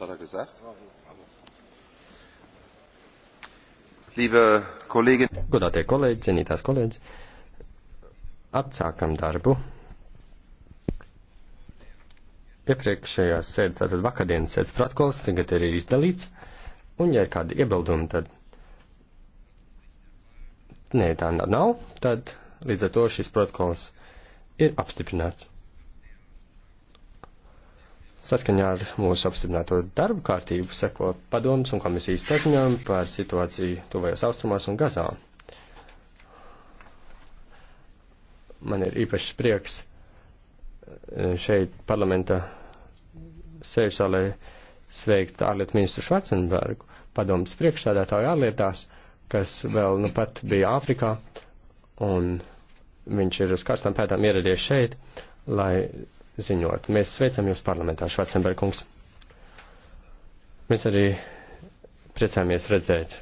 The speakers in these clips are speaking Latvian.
was hat er gesagt? Liebe Kolleginnen. Godātie kolēģi, cienītās kolēģis, atsākam darbu. Iepriekšējās sēdes, tātad vakardienas sēdes protokols tagad ir izdalīts, un ja ir kādi iebildumi, tad nē, tā nav, tad līdz ar to šis protokols ir apstiprināts. Saskaņā ar mūsu apstiprināto darbu kārtību seko padomus un komisijas paziņojumi par situāciju tuvajos austrumos un gazā. Man ir īpašs prieks e, šeit parlamenta sēžzālē sveikt ārlietu ministru Švarcenbergu, padomus priekšstādātāju ārlietās, kas vēl nu pat bija Āfrikā, un viņš ir uz karstām pētām ieradies šeit, lai ziņot. Mēs sveicam jūs parlamentā, Švarcenberkungs. Mēs arī priecāmies redzēt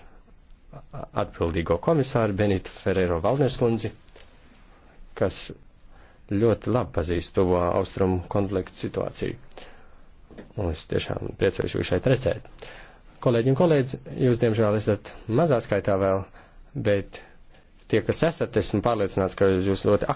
atbildīgo komisāru Benitu Ferrero Valnerskundzi, kas ļoti labi pazīst to austrumu konfliktu situāciju. Un es tiešām priecājos jūs šeit redzēt. Kolēģi un kolēģi, jūs diemžēl esat mazā skaitā vēl, bet tie, kas esat, esmu pārliecināts, ka jūs ļoti aktīvi.